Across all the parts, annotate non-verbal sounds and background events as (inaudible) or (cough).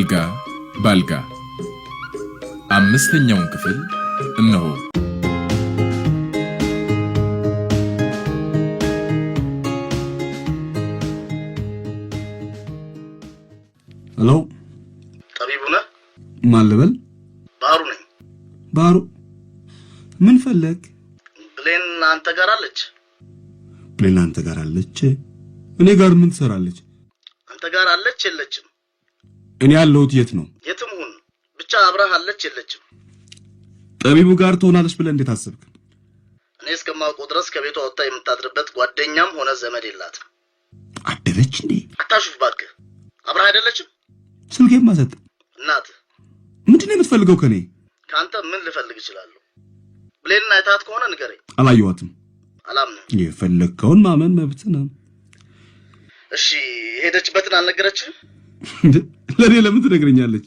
አልጋ ባልጋ አምስተኛውን ክፍል እነሆ። ሄሎ፣ ጠቢቡ ነህ? ማን ልበል? ባህሩ ነኝ። ባህሩ፣ ምን ፈለግ? ብሌን አንተ ጋር አለች? ብሌን አንተ ጋር አለች? እኔ ጋር ምን ትሰራለች? አንተ ጋር አለች የለችም? እኔ ያለሁት የት ነው? የትም ሁን ብቻ አብረህ አለች የለችም። ጠቢቡ ጋር ትሆናለች ብለህ እንዴት አሰብክ? እኔ እስከማውቀው ድረስ ከቤቷ ወጥታ የምታድርበት ጓደኛም ሆነ ዘመድ የላትም። አደረች እንዴ? አታሹፍ እባክህ። አብረህ አይደለችም። ስልኬ ማሰጥ እናት ምንድን ነው የምትፈልገው ከኔ? ከአንተ ምን ልፈልግ እችላለሁ? ብሌንን አይታት ከሆነ ንገረኝ። አላየኋትም። አላምነ የፈለግከውን ማመን መብት ነው። እሺ ሄደችበትን አልነገረችህም? ለእኔ ለምን ትነግረኛለች?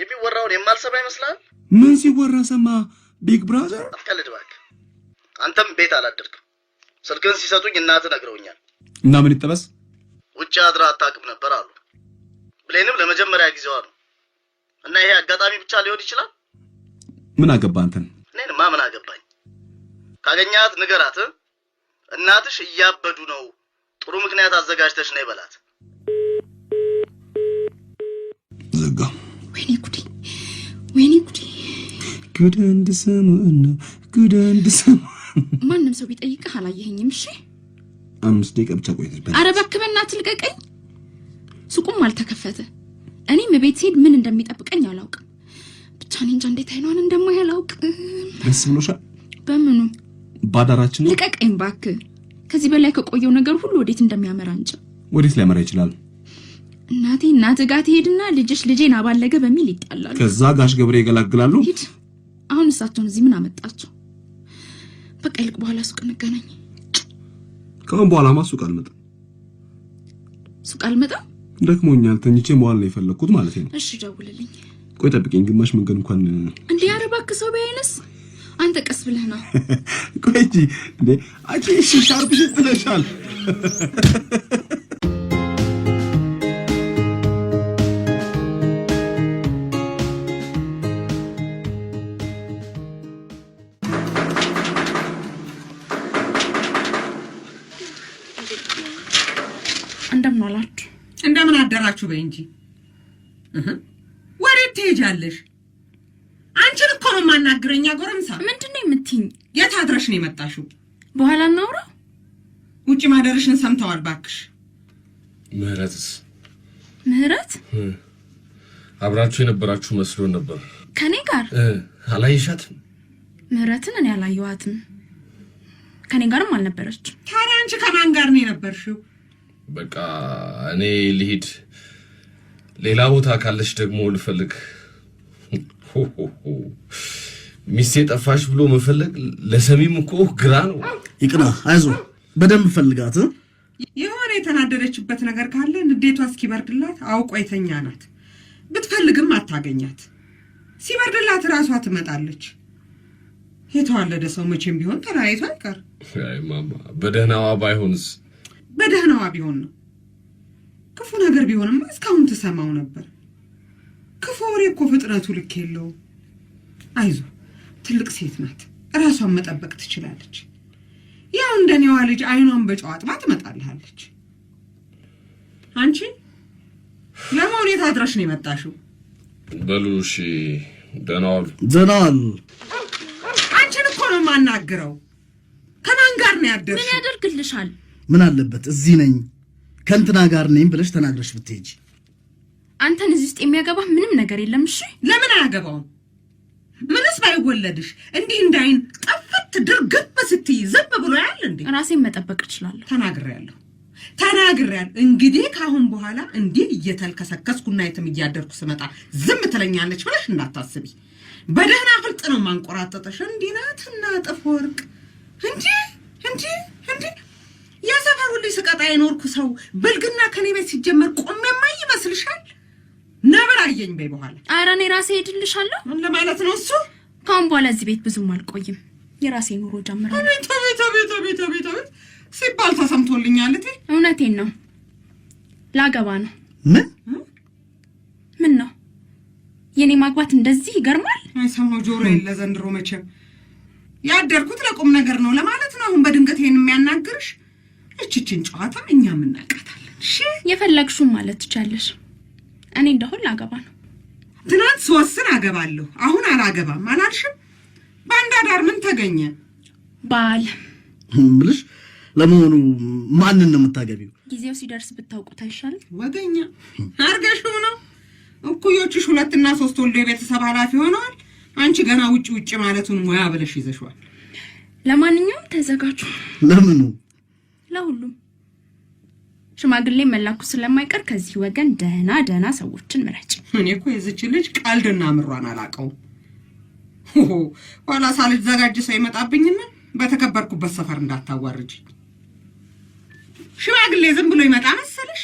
የሚወራውን የማልሰማ ይመስላል። ምን ሲወራ ሰማ? ቢግ ብራዘር አትቀልድ እባክህ። አንተም ቤት አላደርግም ስልክን ሲሰጡኝ እናት ነግረውኛል። እና ምን ይጠበስ? ውጭ አድራ አታውቅም ነበር አሉ። ብሌንም ለመጀመሪያ ጊዜዋ ነው እና ይሄ አጋጣሚ ብቻ ሊሆን ይችላል። ምን አገባ አንተን? እኔንማ ምን አገባኝ? ካገኛት ንገራት። እናትሽ እያበዱ ነው፣ ጥሩ ምክንያት አዘጋጅተሽ ነው ይበላት። ጉደንድ ሰማን ነው ጉደንድ ሰማን። ማንም ሰው ቢጠይቅህ አላየኸኝም። እሺ አምስት ደቂቃ ብቻ ቆይ። ኧረ እባክህ በእናትህ ልቀቀኝ። ሱቁም አልተከፈተ። እኔም ቤት ሲሄድ ምን እንደሚጠብቀኝ አላውቅም። ብቻ እኔ እንጃ እንዴት አይኗን እንደማይ አላውቅም። ደስ ብሎሻ? በምኑ ባዳራችን። ልቀቀኝ እባክህ። ከዚህ በላይ ከቆየው ነገር ሁሉ ወዴት እንደሚያመራ እንጂ ወዴት ሊያመራ ይችላል? እናቴ እናትህ ጋር ትሄድና ልጅሽ ልጄን አባለገ በሚል ይጣላሉ። ከዛ ጋሽ ገብሬ ይገላግላሉ። አሁን እሳቸውን እዚህ ምን አመጣቸው? በቃ ይልቅ በኋላ ሱቅ እንገናኝ። ከአሁን በኋላማ ሱቅ አልመጣም፣ ሱቅ አልመጣም። ደክሞኛል፣ ተኝቼ መዋል ነው የፈለግኩት ማለት ነው። እሺ ደውልልኝ። ቆይ ጠብቀኝ፣ ግማሽ መንገድ እንኳን እንዴ! ኧረ እባክህ ሰው ቢያይንስ? አንተ ቀስ ብለህ ነው። (laughs) ቆይ እንጂ እንዴ! አንቺ ሻርፕሽን ጥለሻል። እንደምን አላችሁ፣ እንደምን አደራችሁ በይ እንጂ ወዴት ትሄጃለሽ? አንቺን እኮ ነው የማናግረኛ። ጎረምሳ ምንድን ነው የምትይኝ? የት አድረሽ ነው የመጣሽው? በኋላ እናውራ። ውጭ ማደረሽን ሰምተዋል። ባክሽ? ምህረትስ? ምህረት አብራችሁ የነበራችሁ መስሎን ነበር። ከኔ ጋር አላየሻትም? ምህረትን እኔ አላየኋትም። ከኔ ጋርም አልነበረች። ታዲያ አንቺ ከማን ጋር ነው የነበርሽው? በቃ እኔ ልሂድ፣ ሌላ ቦታ ካለች ደግሞ ልፈልግ። ሚስቴ ጠፋሽ ብሎ መፈለግ ለሰሚም እኮ ግራ ነው። ይቅና፣ አይዞ፣ በደንብ ፈልጋት። የሆነ የተናደደችበት ነገር ካለ ንዴቷ እስኪበርድላት አውቆ የተኛ ናት። ብትፈልግም አታገኛት። ሲበርድላት እራሷ ትመጣለች። የተዋለደ ሰው መቼም ቢሆን ተለያይቶ አይቀር። በደህናዋ ባይሆንስ? በደህናዋ ቢሆን ነው። ክፉ ነገር ቢሆንማ እስካሁን ትሰማው ነበር። ክፉ ወሬ እኮ ፍጥረቱ ልክ የለው። አይዞ፣ ትልቅ ሴት ናት፣ እራሷን መጠበቅ ትችላለች። ያው እንደኔዋ ልጅ አይኗን በጨዋጥማ ትመጣልሃለች። አንቺ ለመሆን የት አድረሽ ነው የመጣሽው? በሉ እሺ፣ ደህና ዋሉ፣ ደህና ዋሉ። አንቺን እኮ ነው የማናግረው። ያደርሽ? ምን ያደርግልሻል? ምን አለበት እዚህ ነኝ ከእንትና ጋር ነኝ ብለሽ ተናግረሽ ብትሄጂ። አንተን እዚህ ውስጥ የሚያገባ ምንም ነገር የለም። እሺ ለምን አያገባውም? ምንስ ባይወለድሽ እንዲህ እንዳይን ጠፍት ድርግብ ስትይ ዝም ብሎ ያል እንዴ? ራሴን መጠበቅ እችላለሁ። ተናግሬያለሁ ተናግሬያለሁ። እንግዲህ ከአሁን በኋላ እንዲህ እየተልከሰከስኩና የትም እያደርኩ ስመጣ ዝም ትለኛለች ብለሽ እንዳታስቢ። በደህና ፍልጥ ነው ማንቆራጠጠሽ። እንዲህ ናትና ጥፍ ወርቅ እንዲህ እንዲ እንዲ የሰፈሩ ልጅ ስቀጣ የኖርኩ ሰው ብልግና ከኔ ቤት ሲጀመር ቆሜማ ይመስልሻል? ነበር አየኝ በይ በኋላ። አረ እኔ ራሴ ሄድልሻለሁ ለማለት ነው እሱ። ካሁን በኋላ እዚህ ቤት ብዙም አልቆይም፣ የራሴ ኑሮ ጀምራለሁ። አቤት አቤት አቤት አቤት አቤት አቤት ሲባል ተሰምቶልኛል። እቴ እውነቴን ነው፣ ላገባ ነው። ምን ምን ነው የኔ ማግባት እንደዚህ ይገርማል? አይ ሰማሁ ጆሮ የለ ዘንድሮ መቼም ያደርጉት ለቁም ነገር ነው ለማለት ነው። አሁን በድንገት ይሄን የሚያናግርሽ እችችን ጨዋታ እኛ የምናቃታለን። እሺ የፈለግሽውን ማለት ትቻለሽ። እኔ እንደሁን ላገባ ነው። ትናንት ስወስን አገባለሁ፣ አሁን አላገባም አላልሽም? በአንድ አዳር ምን ተገኘ? ባል ምልሽ። ለመሆኑ ማንን ነው የምታገቢው? ጊዜው ሲደርስ ብታውቁት አይሻልም? ወገኛ አርገሽው ነው። እኩዮችሽ ሁለትና ሶስት ወልዶ የቤተሰብ ኃላፊ ሆነዋል። አንቺ ገና ውጭ ውጭ ማለቱን ሙያ ብለሽ ይዘሽዋል። ለማንኛውም ተዘጋጁ። ለምኑ? ለሁሉም። ሽማግሌ መላኩ ስለማይቀር ከዚህ ወገን ደህና ደህና ሰዎችን ምረጭ። እኔ እኮ የዚች ልጅ ቀልድና ምሯን አላውቀውም። ኋላ ዘጋጅ ሰው ይመጣብኝና በተከበርኩበት ሰፈር እንዳታዋርጅ። ሽማግሌ ዝም ብሎ ይመጣ መሰለሽ?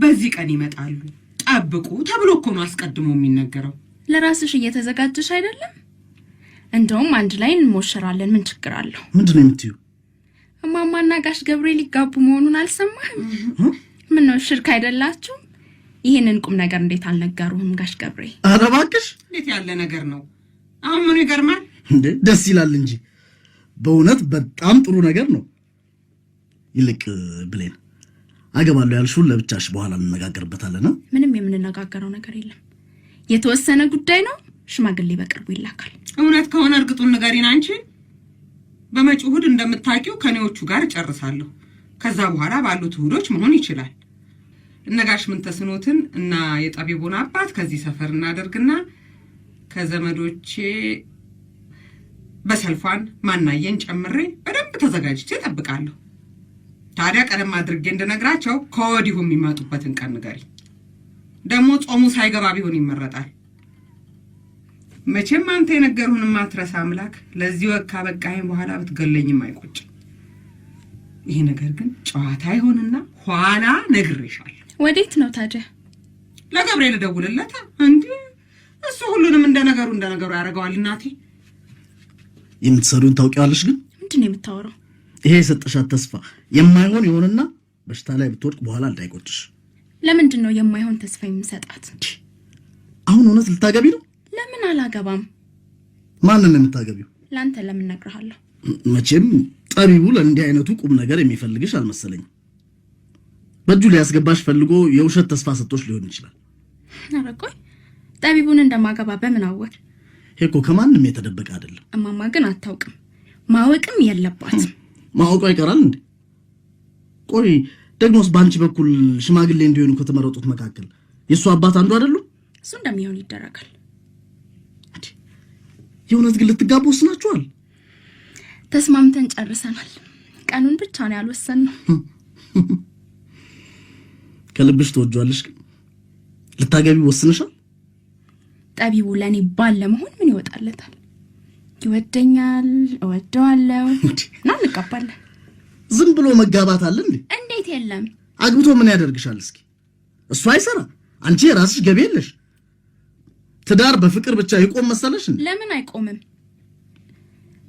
በዚህ ቀን ይመጣሉ ጠብቁ ተብሎ እኮ ነው አስቀድሞ የሚነገረው። ለራስሽ እየተዘጋጀሽ አይደለም? እንደውም አንድ ላይ እንሞሸራለን። ምን ችግር አለው? ምንድን ነው የምትዩ? እማማና ጋሽ ገብሬ ሊጋቡ መሆኑን አልሰማህም? ነው ሽርክ አይደላችሁ? ይህንን ቁም ነገር እንዴት አልነገሩህም ጋሽ ገብሬ? ኧረ እባክሽ እንዴት ያለ ነገር ነው! አሁን ምኑ ይገርማል እንዴ? ደስ ይላል እንጂ በእውነት በጣም ጥሩ ነገር ነው። ይልቅ ብሌን አገባለሁ ያልሽውን ለብቻሽ በኋላ እንነጋገርበታለን። ምንም የምንነጋገረው ነገር የለም። የተወሰነ ጉዳይ ነው። ሽማግሌ በቅርቡ ይላካል። እውነት ከሆነ እርግጡን ንገሪን። አንቺ በመጪው እሑድ እንደምታውቂው ከኔዎቹ ጋር እጨርሳለሁ። ከዛ በኋላ ባሉት እሑዶች መሆን ይችላል። እነጋሽ ምንተስኖትን እና የጠቢቡን አባት ከዚህ ሰፈር እናደርግና ከዘመዶቼ በሰልፏን ማናየን ጨምሬ በደንብ ተዘጋጅቼ እጠብቃለሁ። ታዲያ ቀደም አድርጌ እንድነግራቸው ከወዲሁ የሚመጡበትን ቀን ንገሪኝ። ደግሞ ጾሙ ሳይገባ ቢሆን ይመረጣል። መቼም አንተ የነገርሁን ማትረሳ አምላክ ለዚህ ወግ ካበቃኸኝ በኋላ ብትገለኝም አይቆጭ። ይሄ ነገር ግን ጨዋታ ይሆንና ኋላ ነግሬሻለሁ። ወዴት ነው ታዲያ? ለገብርኤል ደውልለታ። እንዲህ እሱ ሁሉንም እንደ ነገሩ እንደ ነገሩ ያደርገዋል። እናቴ የምትሰሩን ታውቂዋለሽ። ግን ምንድን ነው የምታወራው? ይሄ የሰጠሻት ተስፋ የማይሆን ይሆንና በሽታ ላይ ብትወድቅ በኋላ እንዳይቆጭሽ ለምንድን ነው የማይሆን ተስፋ የምሰጣት? አሁን እውነት ልታገቢ ነው? ለምን አላገባም። ማንን ነው የምታገቢው? ለአንተ ለምን ነግርሃለሁ። መቼም ጠቢቡ ለእንዲህ አይነቱ ቁም ነገር የሚፈልግሽ አልመሰለኝም። በእጁ ሊያስገባሽ ፈልጎ የውሸት ተስፋ ሰጥቶሽ ሊሆን ይችላል። ኧረ ቆይ ጠቢቡን እንደማገባ በምን አወቅ? ሄኮ ከማንም የተደበቀ አይደለም። እማማ ግን አታውቅም፣ ማወቅም የለባትም። ማወቋ ይቀራል እንዴ? ቆይ ደግሞስ በአንቺ በኩል ሽማግሌ እንዲሆኑ ከተመረጡት መካከል የእሱ አባት አንዱ አይደሉም? እሱ እንደሚሆን ይደረጋል። የእውነት ግን ልትጋቡ ወስናችኋል? ተስማምተን ጨርሰናል። ቀኑን ብቻ ነው ያልወሰን ነው። (laughs) ከልብሽ ትወጇለሽ። ግን ልታገቢ ወስንሻል? ጠቢቡ ለእኔ ባል ለመሆን ምን ይወጣለታል? ይወደኛል፣ እወደዋለሁ እና እንጋባለን። ዝም ብሎ መጋባት አለ እንዴ? ቤት የለም። አግብቶ ምን ያደርግሻል? እስኪ እሱ አይሰራ፣ አንቺ የራስሽ ገቢ የለሽ። ትዳር በፍቅር ብቻ ይቆም መሰለሽ? ለምን አይቆምም?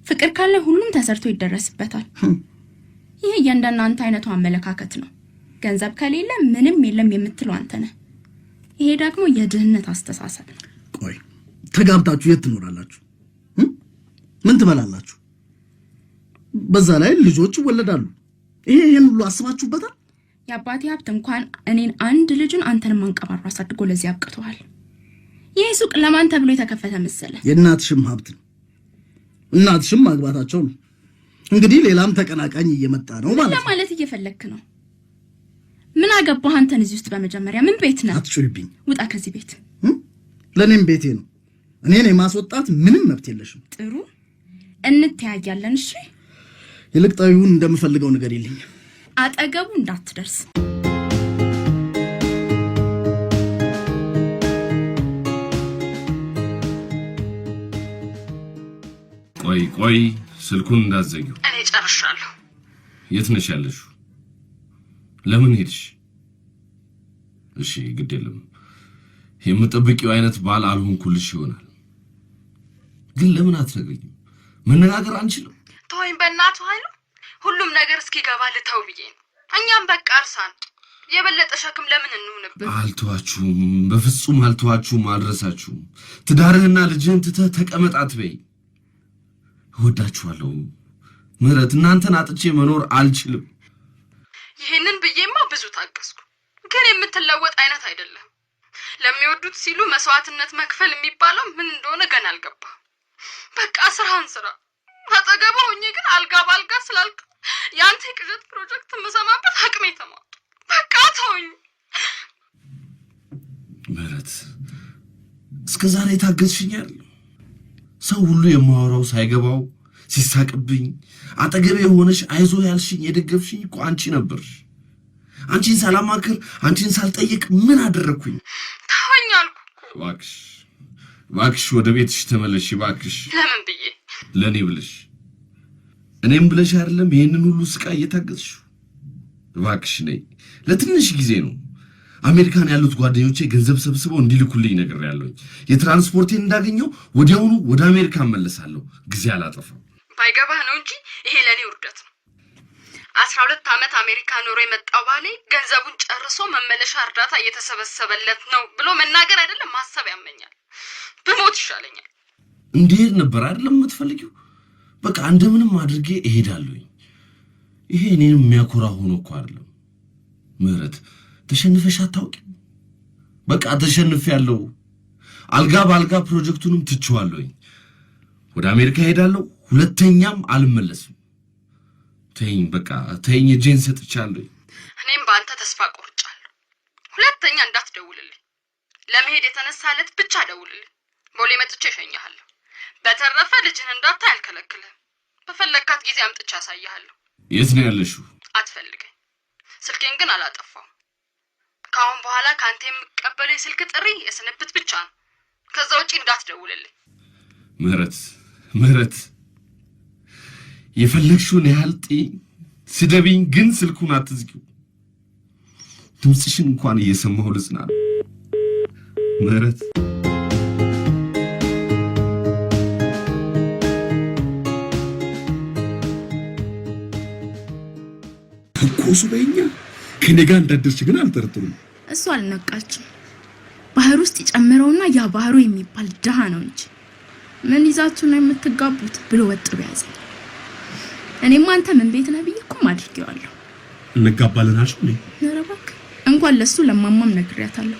ፍቅር ካለ ሁሉም ተሰርቶ ይደረስበታል። ይህ የእንደናንተ አንተ አይነቱ አመለካከት ነው። ገንዘብ ከሌለ ምንም የለም የምትለው አንተ ነህ። ይሄ ደግሞ የድህነት አስተሳሰብ ነው። ቆይ ተጋብታችሁ የት ትኖራላችሁ? ምን ትበላላችሁ? በዛ ላይ ልጆች ይወለዳሉ። ይሄ ይህን ሁሉ አስባችሁበታል? የአባቴ ሀብት እንኳን እኔን አንድ ልጁን አንተንም አንቀባሮ አሳድጎ ለዚህ አብቅተዋል። ይህ ሱቅ ለማን ተብሎ የተከፈተ መሰለ? የእናትሽም ሀብት ነው። እናትሽም ማግባታቸው ነው። እንግዲህ ሌላም ተቀናቃኝ እየመጣ ነው ማለት ነው። ማለት እየፈለግክ ነው? ምን አገባህ አንተን እዚህ ውስጥ? በመጀመሪያ ምን ቤት ነህ? አትጩይብኝ። ውጣ ከዚህ ቤት። ለእኔም ቤቴ ነው። እኔን የማስወጣት ምንም መብት የለሽም። ጥሩ እንተያያለን። እሺ ይልቅ ጠቢቡን እንደምፈልገው ነገር የለኝም። አጠገቡ እንዳትደርስ ቆይ ቆይ፣ ስልኩን እንዳዘጊው። እኔ ጨርሻለሁ። የት ነሽ ያለሽው? ለምን ሄድሽ? እሺ ግድ የለም። የምጠብቂው አይነት ባል አልሆንኩልሽ ይሆናል፣ ግን ለምን አትነግሪኝም? መነጋገር አንችልም? ተወኝ በእናቱ ኃይሉ። ሁሉም ነገር እስኪገባ ልተው ብዬ ነው። እኛም በቃ እርሳን የበለጠ ሸክም ለምን እንሆንብን? አልተዋችሁም፣ በፍጹም አልተዋችሁም፣ አልረሳችሁም። ትዳርህና ልጅህን ትተህ ተቀመጣት በይ። እወዳችኋለሁ ምህረት፣ እናንተን አጥቼ መኖር አልችልም። ይህንን ብዬማ ብዙ ታገስኩ፣ ግን የምትለወጥ አይነት አይደለም። ለሚወዱት ሲሉ መስዋዕትነት መክፈል የሚባለው ምን እንደሆነ ገና አልገባ። በቃ ስራህን ስራ። አጠገቧ ሆኜ ግን አልጋ በአልጋ ስላልክ የአንተ የቅዠት ፕሮጀክት የምሰማበት አቅሜ ተሟጡ። በቃ ተውኝ ምህረት። እስከ ዛሬ የታገዝሽኛል። ሰው ሁሉ የማወራው ሳይገባው ሲሳቅብኝ አጠገቤ የሆነሽ አይዞ ያልሽኝ የደገፍሽኝ እኮ አንቺ ነበርሽ። አንቺን ሳላማክር አንቺን ሳልጠይቅ ምን አደረግኩኝ? ተወኝ አልኩ። እባክሽ እባክሽ ወደ ቤትሽ ተመለሽ እባክሽ። ለምን ብዬ ለእኔ ብለሽ እኔም ብለሽ አይደለም ይህንን ሁሉ ስቃይ እየታገዝሽ እባክሽ ነይ። ለትንሽ ጊዜ ነው። አሜሪካን ያሉት ጓደኞቼ ገንዘብ ሰብስበው እንዲልኩልኝ ነገር ያለኝ የትራንስፖርቴን እንዳገኘው ወዲያውኑ ወደ አሜሪካ እመለሳለሁ። ጊዜ አላጠፋም። ባይገባህ ነው እንጂ ይሄ ለእኔ ውርደት ነው። አስራ ሁለት ዓመት አሜሪካ ኖሮ የመጣው ባሌ ገንዘቡን ጨርሶ መመለሻ እርዳታ እየተሰበሰበለት ነው ብሎ መናገር አይደለም ማሰብ ያመኛል። ብሞት ይሻለኛል። እንድሄድ ነበር አይደለም የምትፈልጊው? በቃ እንደምንም አድርጌ እሄዳለሁኝ። ይሄ እኔንም የሚያኮራ ሆኖ እኮ አይደለም። ምህረት ተሸንፈሽ አታውቂም። በቃ ተሸንፍ ያለው አልጋ በአልጋ ፕሮጀክቱንም ትችዋለሁኝ። ወደ አሜሪካ ሄዳለሁ፣ ሁለተኛም አልመለስም። ተይኝ፣ በቃ ተይኝ፣ እጄን ሰጥቻለሁኝ። እኔም በአንተ ተስፋ ቆርጫለሁ። ሁለተኛ እንዳትደውልልኝ። ለመሄድ የተነሳለት ብቻ ደውልልኝ። ቦሌ መጥቼ እሸኝሃለሁ። በተረፈ ልጅህን እንዳታይ አልከለክልህም። በፈለግካት ጊዜ አምጥቼ አሳይሃለሁ። የት ነው ያለሽው? አትፈልገኝ። ስልኬን ግን አላጠፋው። ከአሁን በኋላ ከአንተ የምቀበለው የስልክ ጥሪ የስንብት ብቻ ነው። ከዛ ውጪ እንዳትደውልልኝ። ምህረት ምህረት፣ የፈለግሽውን ያህል ጤ ስደቢኝ፣ ግን ስልኩን አትዝጊው። ድምፅሽን እንኳን እየሰማሁ ልጽናለሁ ምህረት ንጉሱ በእኛ ከኔ ጋር እንዳደርች ግን አልጠረጥሩም። እሱ አልነቃችም። ባህር ውስጥ ይጨምረውና ያ ባህሩ የሚባል ድሃ ነው እንጂ ምን ይዛችሁ ነው የምትጋቡት ብሎ ወጥሮ ያዘ። እኔም አንተ ምን ቤት ነህ ብዬ እኮም አድርጌዋለሁ። እንጋባለን አልሽ ነው? ኧረ እባክህ እንኳን ለሱ ለማማም ነግሬያታለሁ።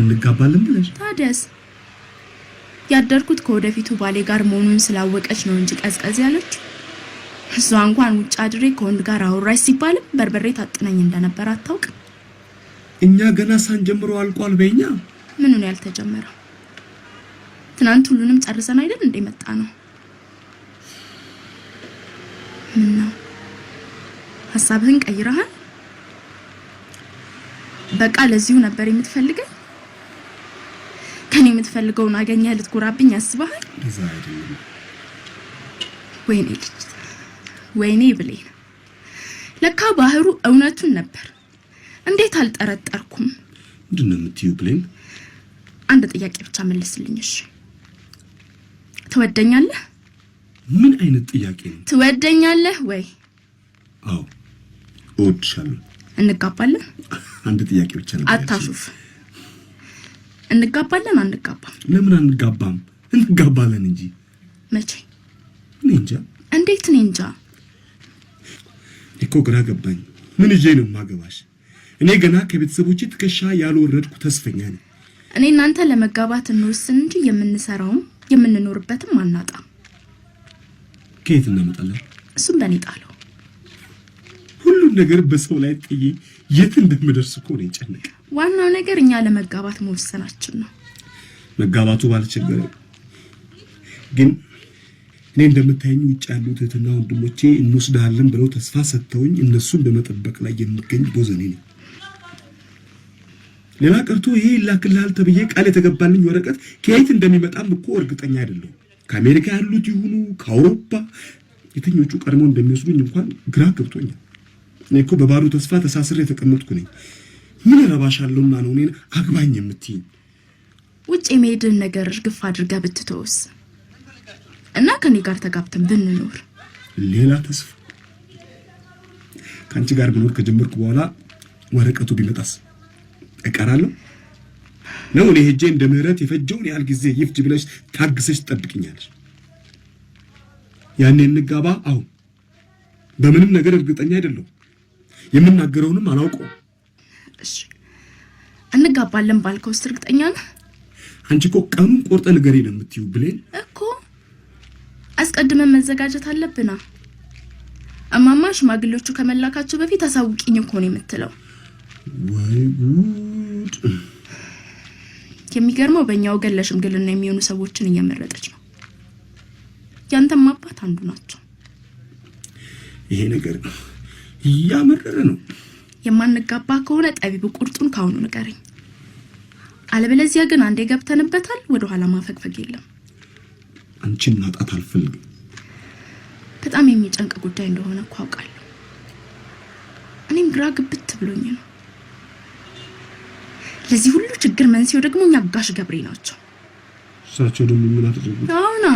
እንጋባለን ብለሽ ታዲያስ? ያደርኩት ከወደፊቱ ባሌ ጋር መሆኑን ስላወቀች ነው እንጂ ቀዝቀዝ ያለችው። እሷ እንኳን ውጭ አድሬ ከወንድ ጋር አወራች ሲባልም በርበሬ ታጥነኝ እንደነበር አታውቅ። እኛ ገና ጀምሮ አልቋል። በኛ ምኑን ያልተጀመረ? ትናንት ሁሉንም ጨርሰን አይደል እንደ መጣ ነው። ምን ነው ሀሳብህን ቀይረሃል? በቃ ለዚሁ ነበር የምትፈልገኝ? ከኔ የምትፈልገውን አገኘህ ልትጎራብኝ ያስበሃል? ወይኔ ልጅ ወይኔ ብሌን፣ ለካ ባህሩ እውነቱን ነበር። እንዴት አልጠረጠርኩም? ምንድን ነው የምትዩ ብሌን? አንድ ጥያቄ ብቻ መልስልኝ እሺ። ትወደኛለህ? ምን አይነት ጥያቄ ነው? ትወደኛለህ ወይ? አዎ እወድሻለሁ። እንጋባለን? አንድ ጥያቄ ብቻ ነው። አታሹፍ። እንጋባለን? አንጋባም? ለምን አንጋባም? እንጋባለን እንጂ። መቼ? እኔ እንጃ። እንዴት? እኔ እንጃ። እኮ ግራ ገባኝ። ምን ይዤ ነው ማገባሽ? እኔ ገና ከቤተሰቦቼ ትከሻ ያልወረድኩ ተስፈኛ ነኝ። እኔ እናንተ ለመጋባት እንወስን እንጂ የምንሰራውም የምንኖርበትም አናጣም። ከየት እናመጣለን? እሱም በእኔ ጣለው። ሁሉን ነገር በሰው ላይ ጥዬ የት እንደምደርስ እኮ ነው የጨነቀ። ዋናው ነገር እኛ ለመጋባት መወሰናችን ነው። መጋባቱ ባልችግር ግን እኔ እንደምታየኝ ውጭ ያሉት እህትና ወንድሞቼ እንወስዳለን ብለው ተስፋ ሰጥተውኝ እነሱን በመጠበቅ ላይ የሚገኝ ቦዘኔ ነው። ሌላ ቀርቶ ይሄ ይላክልሃል ተብዬ ቃል የተገባልኝ ወረቀት ከየት እንደሚመጣም እኮ እርግጠኛ አይደለሁም። ከአሜሪካ ያሉት ይሁኑ ከአውሮፓ የትኞቹ ቀድሞ እንደሚወስዱኝ እንኳን ግራ ገብቶኛል። እኔ እኮ በባዶ ተስፋ ተሳስሬ የተቀመጥኩ ነኝ። ምን ረባሻለሁና ነው እኔን አግባኝ የምትይኝ? ውጭ የመሄድን ነገር እርግፍ አድርጋ ብትተውስ? እና ከኔ ጋር ተጋብተን ብንኖር ሌላ ተስፋ ከአንቺ ጋር ብኖር ከጀመርኩ በኋላ ወረቀቱ ቢመጣስ እቀራለሁ ነው? እኔ ሄጄ እንደ ምህረት የፈጀውን ያህል ጊዜ ይፍጅ ብለሽ ታግሰሽ ትጠብቅኛለሽ? ያኔ እንጋባ። አሁን በምንም ነገር እርግጠኛ አይደለሁ። የምናገረውንም አላውቀውም። እሺ እንጋባለን ባልከውስ እርግጠኛ ነህ? አንቺ እኮ ቀኑን ቆርጠ ንገሬ ነው የምትዩ ብሌን እኮ አስቀድመን መዘጋጀት አለብና። እማማ ሽማግሌዎቹ ከመላካቸው በፊት አሳውቂኝ እኮ ነው የምትለው። ወይ ጉድ! የሚገርመው በእኛ ወገን ለሽምግልና የሚሆኑ ሰዎችን እየመረጠች ነው። ያንተም አባት አንዱ ናቸው። ይሄ ነገር እያመረረ ነው። የማንጋባ ከሆነ ጠቢብ ቁርጡን ካሁኑ ንገረኝ፣ አለበለዚያ ግን አንዴ ገብተንበታል፣ ወደኋላ ማፈግፈግ የለም። አንቺን ማጣት አልፈልግም። በጣም የሚጨንቅ ጉዳይ እንደሆነ እኮ አውቃለሁ። እኔም ግራ ግብት ብሎኝ ነው። ለዚህ ሁሉ ችግር መንስኤው ደግሞ እኛ ጋሽ ገብሬ ናቸው። እሳቸው ደግሞ ምን አደረጉ? አሁና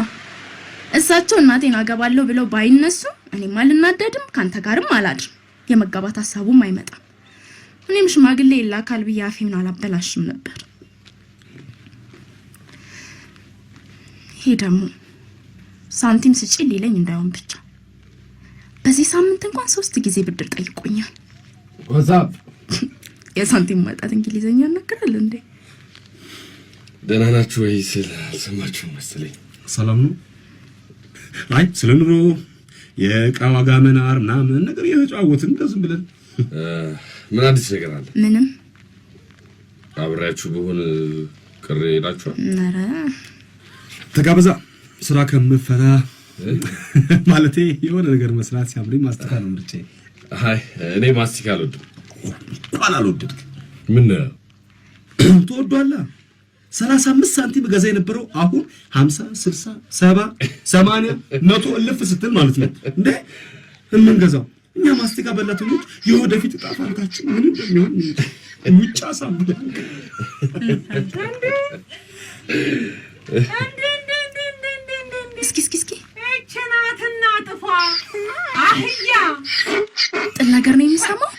እሳቸው እናቴን አገባለሁ ብለው ባይነሱ እኔም አልናደድም፣ ከአንተ ጋርም አላድርም፣ የመጋባት ሀሳቡም አይመጣም። እኔም ሽማግሌ ይላካል ብዬ አፌን አላበላሽም ነበር። ይሄ ደግሞ ሳንቲም ስጪ ሊለኝ እንዳይሆን ብቻ። በዚህ ሳምንት እንኳን ሶስት ጊዜ ብድር ጠይቆኛል። ዋዛብ (laughs) የሳንቲም ማጣት እንግሊዘኛ ያናግራል እንዴ? ደህና ናችሁ ወይ ስል አልሰማችሁ መሰለኝ። ሰላም ነው? አይ ስለ ኑሮ የዕቃ ዋጋ መናር ምናምን ነገር እየተጫወትን እንደዝም ብለን ምን አዲስ ነገር አለ? ምንም አብሬያችሁ ብሆን ቅሬ ይላችኋል። ተጋበዛ ስራ ከምፈታ (laughs) ማለቴ የሆነ ነገር መስራት ሲያምርኝ ማስቲካ ነው ምርጬ። አይ እኔ ማስቲካ አልወድም። እንኳን አልወደድክ ምን (clears throat) ትወዷላ? ሰላሳ አምስት ሳንቲም ገዛ የነበረው አሁን ሀምሳ ስልሳ ሰባ ሰማንያ መቶ እልፍ ስትል ማለት ነው እንዴ የምንገዛው እኛ ማስቲካ በላተኞች የወደፊት ዕጣ ፈንታችን ምን እንደሚሆን ውጭ አሳብ እስኪ እስኪ እስኪ እችናትና ጥፏ አህያ ጥል ነገር ነው የሚሰማው።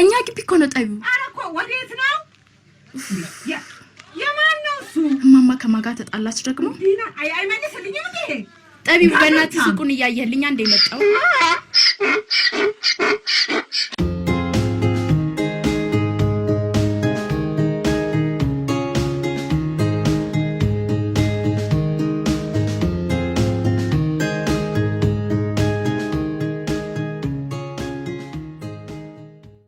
እኛ ግቢ እኮ ነው ጠቢው። ወዴት ነው? የማን ነው እሱ? እማማ ከማጋ ተጣላች ደግሞ ጠቢው። በእናትህ ስቁን እያየህልኛ እንደ መጣው